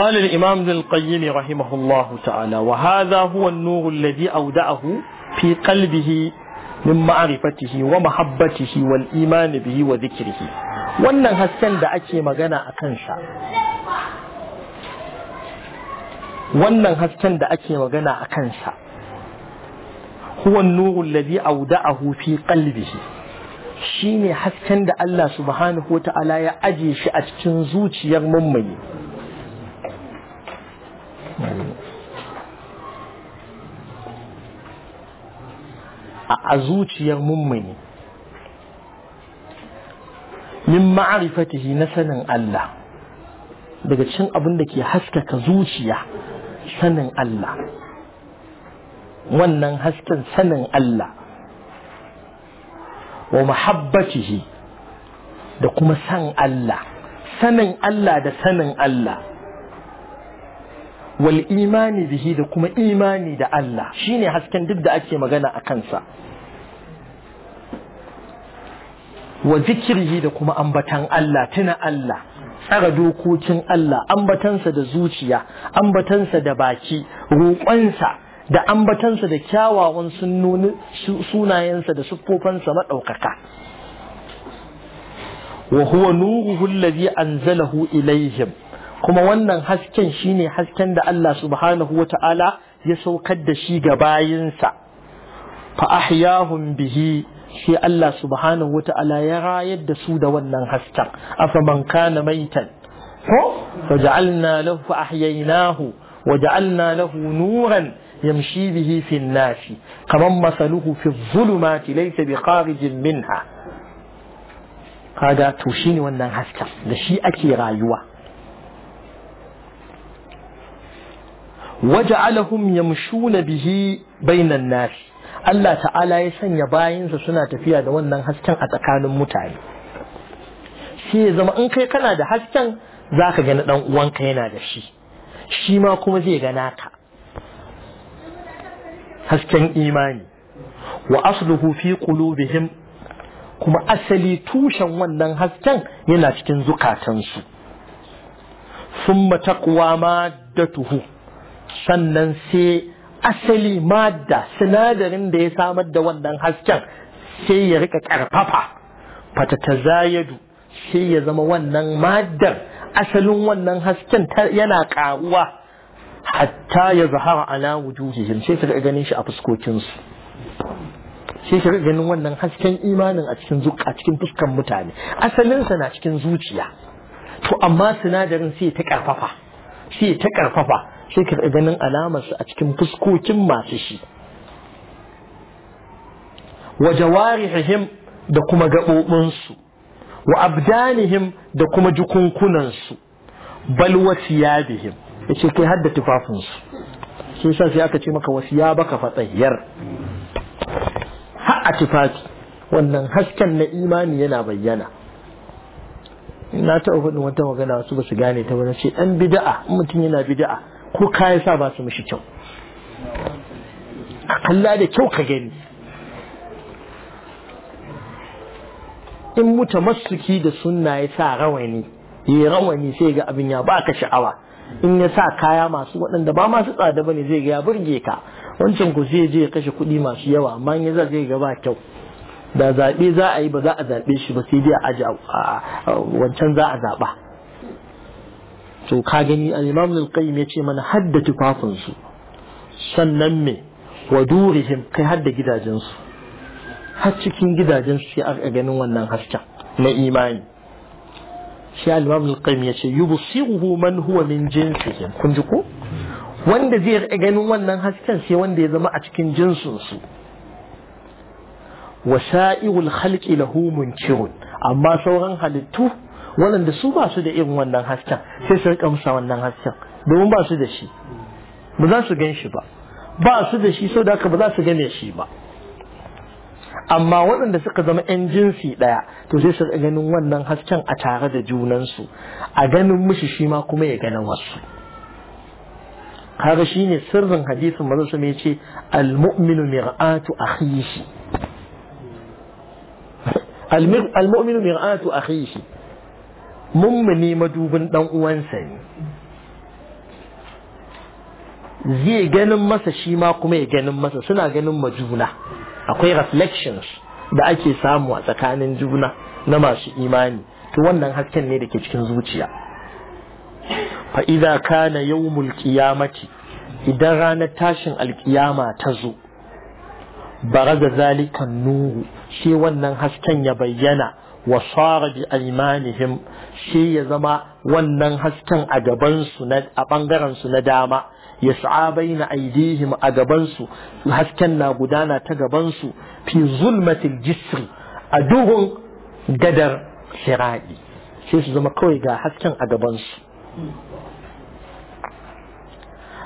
قال الإمام ابن القيم رحمه الله تعالى وهذا هو النور الذي أودعه في قلبه من معرفته ومحبته والإيمان به وذكره وأن هسن دا أكي مغانا أكنشا وأن هسن دا أكي مغانا أكنشا هو النور الذي أودعه في قلبه شيني هسن الله سبحانه وتعالى يأجي شأت تنزوتي يغممي a zuciyar mummuni min ma'arifatihi na sanin Allah daga cin abin da ke haskaka zuciya sanin Allah wannan hasken sanin Allah wa mahabbatihi da kuma san Allah sanin Allah da sanin Allah wal imani bihi da kuma imani da Allah shine hasken duk da ake magana a kansa wa zikrihi da kuma ambatan Allah tuna Allah tsara dokokin Allah ambatansa da zuciya ambatansa da baki roƙonsa da ambatansa da kyawawan sunnoni sunayensa da siffofansa madaukaka wa huwa nuruhu allazi anzalahu ilaihim kuma wannan hasken shine hasken da Allah subhanahu wata'ala ya saukar da shi ga bayinsa fa ahyahum bihi shi Allah subhanahu wata'ala ya rayar da su da wannan hasken afaman kana maitan ko faj'alna lahu fa ahyaynahu waj'alna lahu nuran yamshi bihi به في kaman masaluhu fi dhulumati laysa biqarijin minha kaga to shine wannan hasken da shi ake rayuwa waja'alahum yamshuna bihi bainan nas Allah ta'ala ya sanya bayinsa suna tafiya da wannan hasken a tsakanin mutane shi ya zama in kai kana da hasken zaka ga na dan uwanka yana da shi shi ma kuma zai gana ka. hasken imani wa asluhu fi qulubihim kuma asali tushen wannan hasken yana cikin zukatansu summa taqwa datuhu. sannan sai asali madda sinadarin da ya samar da wannan hasken sai ya rika karfafa fata ta zayadu sai ya zama wannan maddar asalin wannan hasken yana karuwa hatta ya zahara ala wujuhihim sai ka ganin shi a fuskokinsu sai ka ganin wannan hasken imanin a cikin zuƙa cikin fuskan mutane asalinsa na cikin zuciya to amma sinadarin sai ta karfafa sai ta karfafa sai ka ganin alamarsu a cikin fuskokin masu shi wa jawarihim da kuma gaɓoɓinsu wa abdanihim da kuma jukunkunansu, bal Ya yace kai hadda tufafinsu sun sa sai aka ce maka wasiya baka fatsayyar ha'a tufafi wannan hasken na imani yana bayyana na taɓa faɗin wata magana wasu ba su gane ta wani ce ɗan bida'a mutum yana bida'a ko kayan sa ba su mishi kyau a kalla da kyau ka gani in muta masuki da sunna ya sa rawani ya rawani sai ga abin ya baka sha'awa in ya sa kaya masu waɗanda ba masu tsada bane zai ga ya burge ka wancan ku sai je ya kashe kuɗi masu yawa amma in ya za zai ga ba kyau da zaɓe za a yi ba za a zaɓe shi ba sai dai a wancan za a zaɓa to ka gani al-imam al-qayyim yace mana hadda tufafin su sannan me wa durihim kai hadda gidajen su har cikin gidajen su sai ganin wannan hasken na imani shi al-imam al-qayyim yace yubsiruhu man huwa min jinsihim kun ji ko wanda zai ganin wannan hasken sai wanda ya zama a cikin jinsin su wasa'irul khalqi lahu munkirun amma sauran halittu waɗanda su ba su da irin wannan hasken sai su rika musa wannan hasken domin ba su da shi ba za su gan shi ba ba su da shi sau da haka ba za su gane shi ba amma waɗanda suka zama 'yan jinsi ɗaya to sai su ganin wannan hasken a tare da junansu a ganin mushi shi ma kuma ya ganin wasu kaga shine sirrin hadisin manzo yace al-mu'minu mir'atu akhihi al-mu'minu mir'atu akhihi mummuni madubin dan uwansa ne zai ganin masa shi ma kuma ya ganin masa suna ganin ma juna akwai reflections da ake samu a tsakanin juna na masu imani to wannan hasken ne da ke cikin zuciya fa idza kana yawmul qiyamati idan ranar tashin alkiyama ta zo baraza zalikan nuru shi wannan hasken ya bayyana wa sarabi almanihim. shi ya zama wannan hasken a gabansu a ɓangarensu na dama ya sa'abai na aidihim a gabansu hasken na gudana ta gabansu fi zulmatil jisri a duhun gadar siraɗi sai su zama kawai ga hasken a gabansu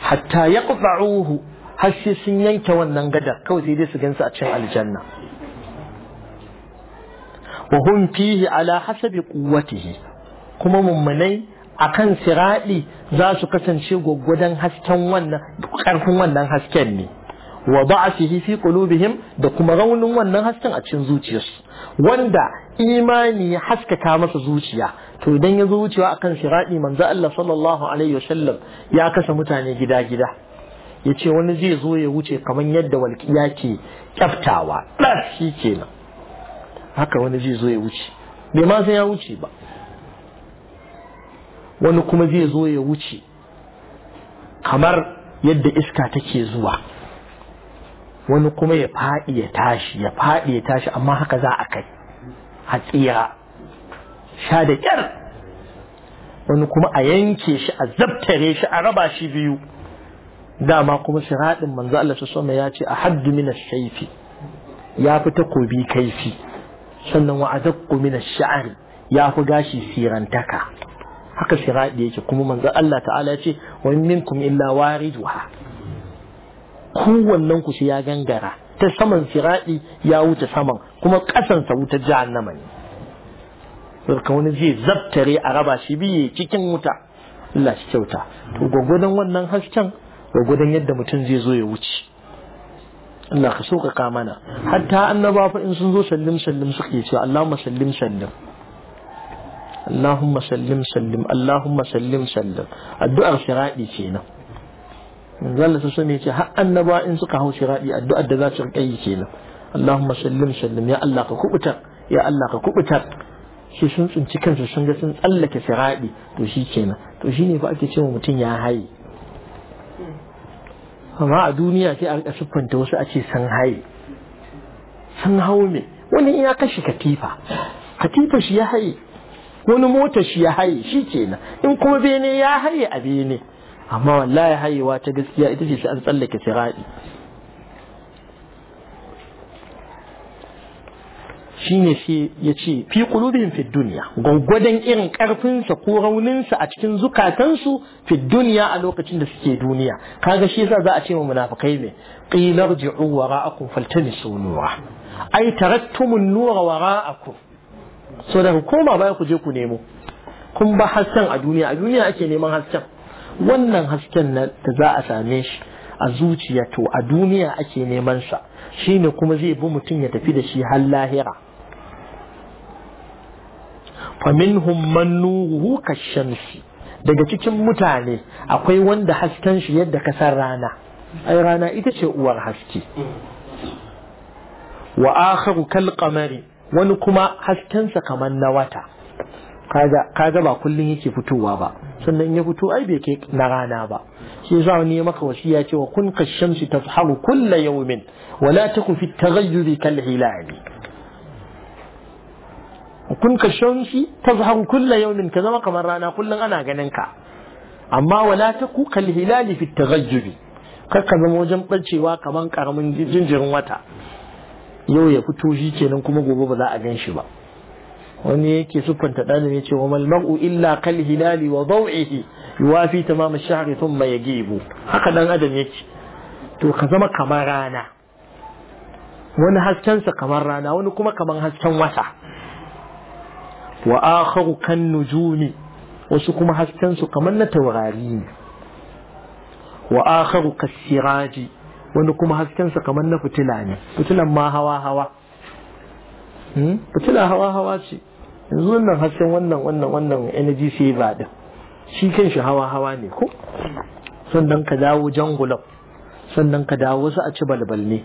hatta ya ƙufa'uhu har sun yanke wannan gadar kawai sai dai su gansu a cin aljanna wa hum fihi ala hasabi quwwatihi kuma mummunai kan siradi za su kasance gwaggwadon hasken wannan karfin wannan hasken ne wa ba'athihi fi qulubihim da kuma raunin wannan hasken a cikin zuciyarsu wanda imani ya haskaka masa zuciya to idan ya zo wucewa akan siradi manzo Allah sallallahu alaihi wasallam ya kasa mutane gida gida yace wani zai zo ya wuce kamar yadda walƙiya ke kyaftawa shi kenan haka wani zai zo ya wuce bai ma sai ya wuce ba wani kuma zai zo ya wuce kamar yadda iska take zuwa wani kuma ya faɗi ya tashi ya faɗi ya tashi amma haka za a kai a sha da ƙyar wani kuma a yanke shi a zabtare shi a raba shi biyu dama kuma shiraɗin manzo Allah ya ce a haddi min shaifi ya fi takobi kaifi sannan wa azaqqu min ash ya fi gashi sirantaka haka siradi yake kuma manzo Allah ta'ala ya ce wa minkum illa wariduha kowannen ku ya gangara ta saman siradi ya wuce saman kuma kasan sa wuta jahannama ne sarka wani zai zabtare a raba shi biye cikin wuta Allah shi kyauta to gwagwadon wannan hasken gwagwadon yadda mutum zai zo ya wuce Allah ka sauƙaƙa mana hatta annabawa fa in sun zo sallim sallim suke cewa Allahumma sallim sallim Allahumma sallim sallim Allahumma sallim sallim addu'ar shiradi kenan manzon Allah sai ya ce har annaba in suka hau shiradi addu'ar da za su rika yi kenan Allahumma sallim sallim ya Allah ka kubuta ya Allah ka kubuta shi sun tsinci kansu sun ga sun tsallake shiradi to shi kenan to shi ne fa ake cewa mutum ya haye amma a duniya sai a rika siffanta wasu a ce san haye san hau ne wani ya kashe katifa katifa shi ya haye wani mota shi ya haye shi kenan in kuma bene ya haye a bene amma wallahi hayewa ta gaskiya ita ce sai an tsallake siradi shine shi ya ce fi kulubin fi duniya gwaggwadon irin karfinsa ko rauninsa a cikin zukatansu fi duniya a lokacin da suke duniya kaga shi yasa za a ce wa munafukai ne qila irji'u wara'akum faltani nura ai taraktumun nura wara'akum so da koma baya ku je ku nemo kun ba hasken a duniya a duniya ake neman hasken wannan hasken na da za a same shi a zuciya to a duniya ake neman sa shine kuma zai bi mutum ya tafi da shi har lahira Fa minhum man nuruhu kashamsi daga cikin mutane akwai wanda hasken shi yadda kasar rana ai rana ita ce uwar haske wa akharu kal qamari wani kuma haskensa kamar na wata kaga ba kullun yake fitowa ba sannan ya fito ai bai kai na rana ba shi yasa wani ya maka wasiya cewa kun kashamsi tazharu kullu yawmin wala taku fi taghayyuri kal hilali kun kashamsi tazharu kullu yawmin ka zama kamar rana kullun ana ganin ka amma wala taku kal hilali fi taghayyuri kar ka zama wajen bacewa kamar karamin jinjirin wata yau ya fito shi kenan kuma gobe ba za a gan shi ba wani yake siffanta ɗalin ne ce wa malmar'u illa kal hilali wa daw'ihi yuwafi tamam ash-shahr thumma yajibu haka dan adam yake to ka zama kamar rana wani hasken sa kamar rana wani kuma kamar hasken wata wa akharu kan nujumi wasu kuma hasken su kamar na taurari ne wa akharu kasiraji wani kuma haskensa kamar na fitila ne fitilan ma hawa hawa hmm? fitila hawa hawa ce yanzu wannan hasken wannan wannan wannan energy saver din shi kan shi hawa hawa ne ko sannan ka dawo jan gulab sannan ka dawo wasu a ci balbal ne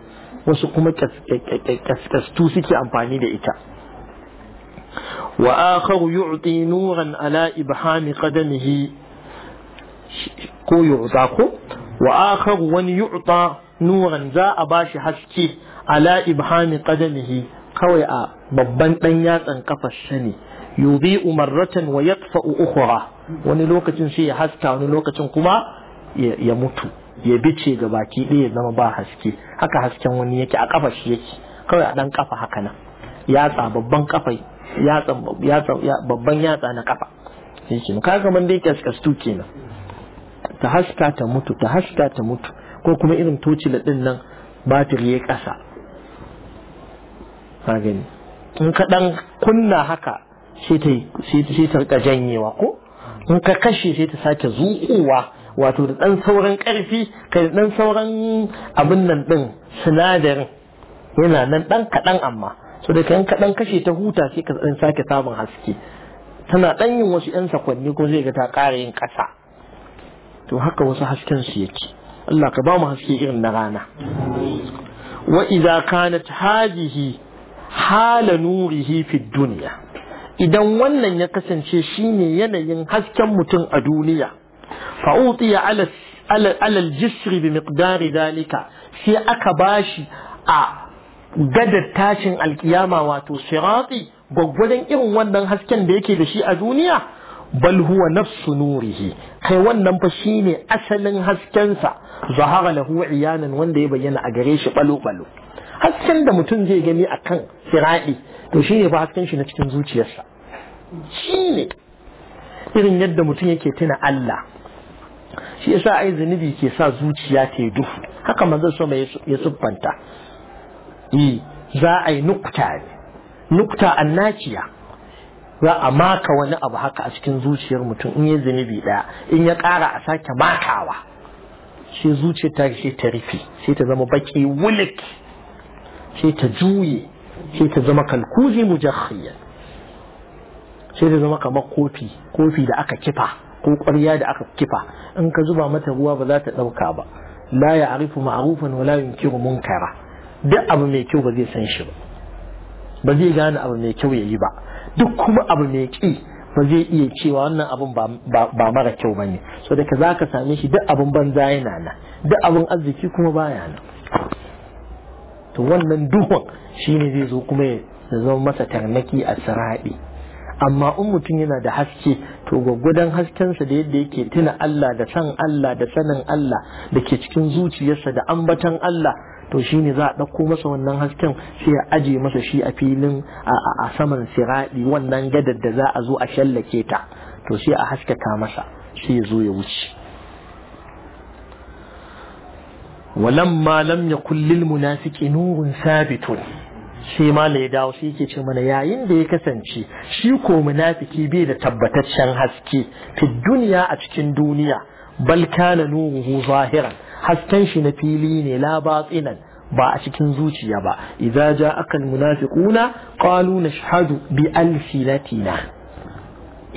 wasu kuma kaskastu suke amfani da ita wa akharu yu'ti nuran ala ibhami qadamihi ko yu'ta ko wa akharu wani yu'ta nuran za a ba shi haske ala ibhami qadamihi kawai a babban dan yatsan kafar sa ne yubi marratan wa yatfa ukhra wani lokacin sai ya haska wani lokacin kuma ya mutu ya bice ga baki ɗaya zama ba haske haka hasken wani yake a kafar shi yake kawai a dan kafa haka nan yatsa babban kafai yatsa babban yatsa na kafa shi ne kaga man dai kaskastu kenan ta haska ta mutu ta haska ta mutu ko kuma irin tocila ɗin nan batir ya ƙasa gani in ka ɗan kunna haka sai ta rika janyewa ko in ka kashe sai ta sake zuƙowa wato da ɗan sauran ƙarfi kai da ɗan sauran abin nan ɗin sinadarin yana nan ɗan kaɗan amma so da kan kaɗan kashe ta huta sai ka ɗan sake samun haske tana ɗan yin wasu 'yan sakwanni ko zai ga ta ƙara yin ƙasa to haka wasu hasken su yake Allah ka ba mu haske irin na rana wa idza kanat hadihi hala nurihi fi dunya idan wannan ya kasance shine yanayin hasken mutum a duniya fa utiya ala ala al-jisri bi miqdari dalika sai aka bashi a gadar tashin alkiyama wato sirati gwaggwadon irin wannan hasken da yake da shi a duniya bal huwa nafsu nurihi kai wannan fa shine asalin haskensa zahara lahu iyanan wanda ya bayyana a gare shi balo balo hasken da mutum zai gani akan siradi to shine fa hasken shi na cikin zuciyarsa shine irin yadda mutum yake tuna Allah shi yasa ai zunubi ke sa zuciya ta duhu haka manzo so mai ya yi eh, za a yi nukta ne nukta annaciya za a maka wani abu haka a cikin zuciyar mutum in ya zunubi ɗaya in ya ƙara a sake makawa shi zuciyar ta sai ta rufe sai ta zama baki wulik sai ta juye sai ta zama kalkuzi mujahiyar sai ta zama kamar kofi kofi da aka kifa ko ƙwarya da aka kifa in ka zuba mata ruwa ba za ta ɗauka ba la ya arifu ma'arufan wala yunkiru munkara duk abu mai kyau ba zai san shi ba ba zai gane abu mai kyau ya yi ba duk kuma abu mai ƙi ba zai iya cewa wannan abun ba mara kyau ba ne so da ka za ka same shi duk abun banza yana na, duk abun arziki kuma baya nan to wannan duhun shi ne zai zo kuma ya zama masa tarnaki a sarabi amma in mutum yana da haske to gwaggwadon haskensa da yadda yake tuna Allah da san Allah da sanin Allah da ke cikin zuciyarsa da ambatan Allah to shine za a dauko masa wannan hasken sai a aje masa shi a filin a saman siradi wannan gadar da za a zo a shallake ta to sai a haskaka masa sai ya zo ya wuce walamma lam yakul lil munafiki nurun sabitun shi ma ya dawo shi yake ce mana yayin da ya kasance shi ko munafiki bai da tabbataccen haske fi duniya a cikin duniya bal kana nuruhu zahiran hasken shi na fili ne la batinan ba a cikin zuciya ba idza ja'aka almunafiquna qalu nashhadu bi alsinatina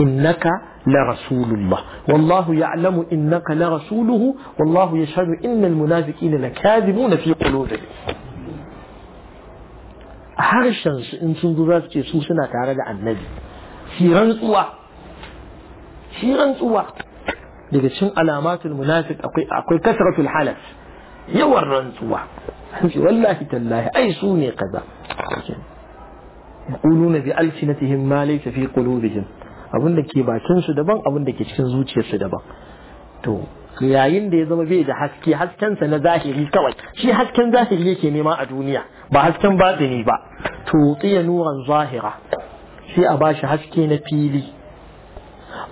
innaka la rasulullah wallahu ya'lamu innaka la rasuluhu wallahu yashhadu innal munafiqina lakadibuna fi qulubihim harshen su in sun zo za su ce su suna tare da annabi shi rantsuwa shi rantsuwa daga cikin alamatul munafiq akwai akwai kasratul halas yawan rantsuwa wallahi tallahi ai su ne kaza yaquluna bi alsinatihim ma laysa fi qulubihim abinda ke bakin su daban abinda ke cikin zuciyar su daban to yayin da ya zama bai da haske hasken sa na zahiri kawai shi hasken zahiri yake nema a duniya ba hasken batini ba to tsiya nuran zahira sai a bashi haske na fili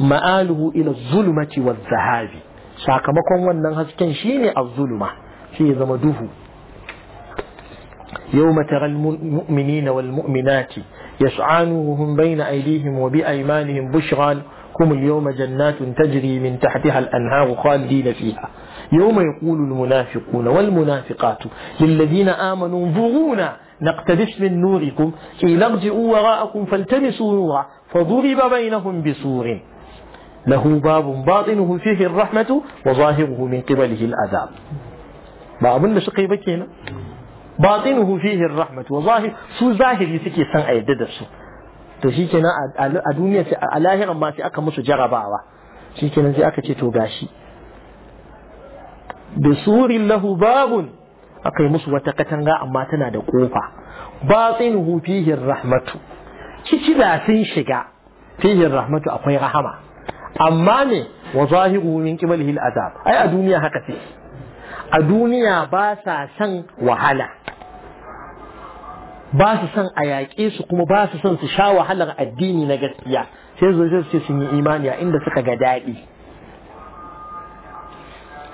ma'aluhu ila zulmati wa zahabi sakamakon wannan hasken shine az-zulma sai ya zama duhu يوم ترى المؤمنين والمؤمنات يسعى نورهم بين أيديهم وبأيمانهم بشراكم اليوم جنات تجري من تحتها الأنهار خالدين فيها يوم يقول المنافقون والمنافقات للذين آمنوا انظرونا نقتبس من نوركم قيل ارجعوا وراءكم فالتمسوا نورا فضرب بينهم بسور له باب باطنه فيه الرحمة وظاهره من قبله العذاب ba abin da suka yi ba kenan batinuhu fihi rahmat wa zahir su zahiri suke san a yadda da su to shikenan a duniya sai a lahiran ma sai aka musu jarabawa shikenan sai aka ce to gashi bi surin lahu babun akai musu wata katanga amma tana da kofa batinuhu fihi rahmatu ciki da sun shiga fihi rahmatu akwai rahama amma ne wa zahiru min qibalihil azab ai a duniya haka ce a duniya ba sa son wahala ba su son a yaƙe su kuma ba su son su sha wahalar addini na gaskiya sai zo su ce sun yi imani a inda suka ga daɗi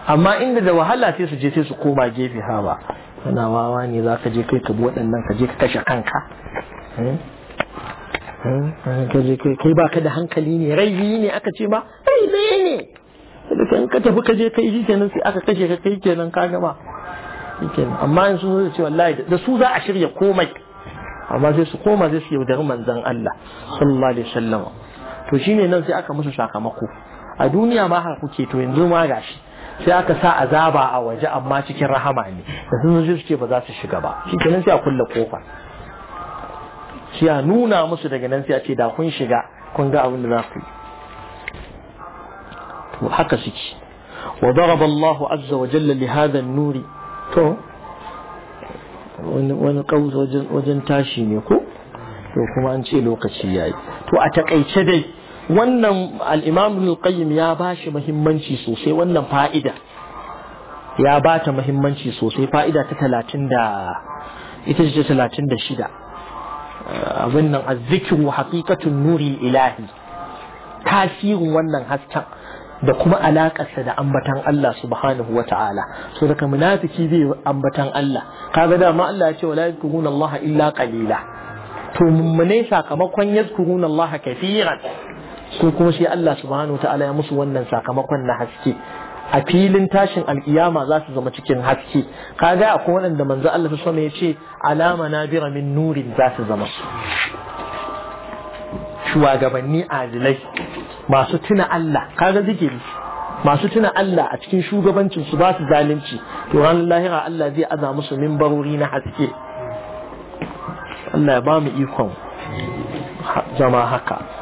amma inda da wahala sai su je sai su koma gefe hawa kana wawa ne za ka je kai ka bi waɗannan ka je ka kashe kanka hmm? kai ba ka da hankali ne raibi ne aka ce ba raibi ne da in ka tafi ka je kai shi kenan sai aka kashe ka kai kenan ka gama kenan amma in sun ce wallahi da su za a shirya komai amma sai su koma sai su yaudari manzon Allah sallallahu alaihi wasallam to shine nan sai aka musu sakamako a duniya ma har kuke to yanzu ma gashi sai aka sa azaba a waje amma cikin rahama ne da sun zo su ce ba za su shiga ba shi kenan sai a kulle kofar sai a nuna musu daga nan sai a ce da kun shiga kun ga abin da za ku yi to haka suke wa daraba Allahu azza wa jalla li hadha an-nuri to wani kaus wajen tashi ne ko to kuma an ce lokaci yayi to a takaice dai wannan al-imam al-qayyim ya bashi muhimmanci sosai wannan fa'ida ya bata muhimmanci sosai fa'ida ta 30 da ita ce talatin da shida abin nan azzikiru haqiqatun nuril ilahi tasirin wannan hasken da kuma alaƙarsa da ambatan Allah subhanahu wa ta'ala so daga munafiki zai ambatan Allah kaga dama Allah ya ce wala yadhkuruna Allah illa qalila to mummune sakamakon yadhkuruna Allah kafiran su kuma shi Allah subhanahu wa ta'ala ya musu wannan sakamakon na haske a filin tashin alkiyama za su zama cikin haske Ka kaga akwai waɗanda manzo Allah sallallahu ya ce alama na min nurin za su zama shugabanni adilai masu tuna Allah kaga zikiri masu tuna Allah a cikin shugabancin su ba su zalunci to ranar lahira Allah zai aza musu minbarori na haske Allah ya ba mu ikon zama haka